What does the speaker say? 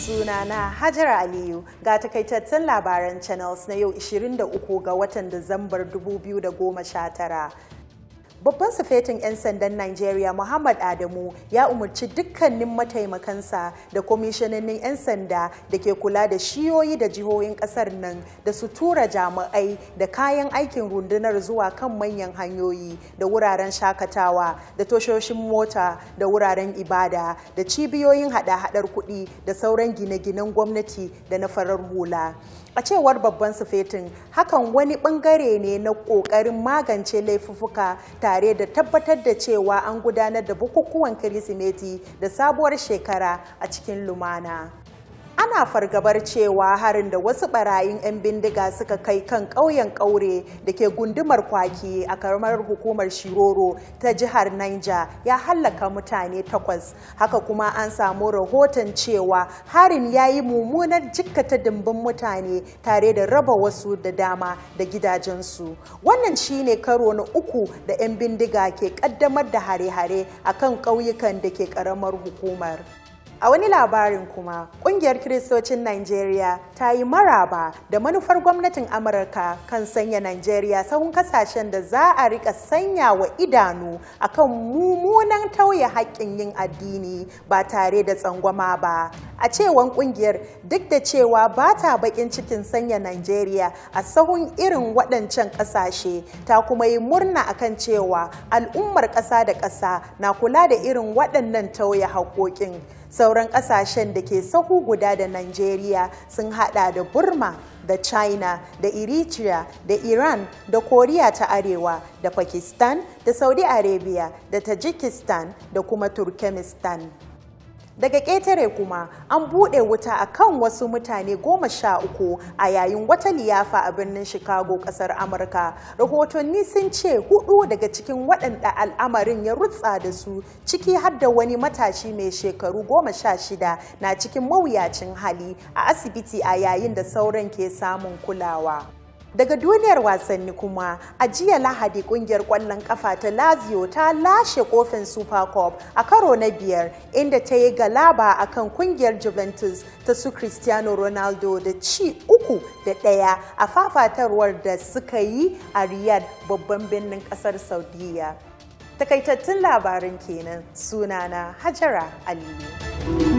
sunana na Hajar Aliyu ga takaitattun labaran Channels na yau 23 ga watan Disambar 2019. Babban sufetin 'yan sandan Najeriya Muhammad Adamu ya umarci dukkanin mataimakansa da kwamishinanin 'yan sanda da ke kula da shiyoyi da jihohin kasar nan da su tura jami'ai da kayan aikin rundunar zuwa kan manyan hanyoyi da wuraren shakatawa da toshoshin mota da wuraren ibada da cibiyoyin hada-hadar kuɗi da sauran gine-ginen gwamnati da na farar hula. A cewar babban sufetin hakan wani bangare ne na ƙoƙarin magance laifuffuka ta tare da tabbatar da cewa an gudanar da bukukuwan Kirsimeti da sabuwar shekara a cikin lumana. ana fargabar cewa harin da wasu barayin 'yan bindiga suka kai kan ƙauyen ƙaure da ke gundumar kwaki a karamar hukumar shiroro ta jihar niger ya hallaka mutane takwas haka kuma an samu rahoton cewa harin ya yi mummunar jikkata dimbin mutane tare da raba wasu da dama da gidajensu wannan shine karo na uku da 'yan bindiga ke ƙaddamar da hare-hare a kan ƙauyukan da ke ƙaramar hukumar A wani labarin kuma, ƙungiyar Kiristocin Najeriya ta yi maraba da manufar gwamnatin Amurka kan sanya Najeriya sahun kasashen da za a riƙa sanya wa idanu akan mummunan tauye haƙƙin yin addini ba tare da tsangwama ba. A cewan ƙungiyar, duk da cewa ba ta baƙin cikin sanya Najeriya a sahun irin waɗancan ƙasashe, ta kuma yi murna akan cewa al'ummar ƙasa da ƙasa na kula da irin waɗannan tauye haƙoƙin. Sauran ƙasashen da ke sahu guda da Najeriya sun hada da Burma, da China, da Eritrea, da Iran, da Koriya ta Arewa, da Pakistan, da Saudi Arabia, da Tajikistan, da kuma Turkmenistan. daga ƙetare kuma an buɗe wuta a kan wasu mutane goma sha uku a yayin wata liyafa a birnin chicago ƙasar amurka rahotanni sun ce hudu daga cikin waɗanda al'amarin ya rutsa da su ciki har da wani matashi mai shekaru goma sha shida na cikin mawuyacin hali a asibiti a yayin da sauran ke samun kulawa Daga duniyar wasanni kuma, a jiya Lahadi kungiyar ƙwallon ƙafa ta Lazio ta lashe kofin Super Cup a karo na biyar inda ta yi galaba a kan kungiyar Juventus ta su Cristiano Ronaldo da ci uku da ɗaya a fafatarwar da suka yi a Riyadh babban birnin ƙasar Saudiya. Takaitattun labarin kenan sunana Hajara Aliyu.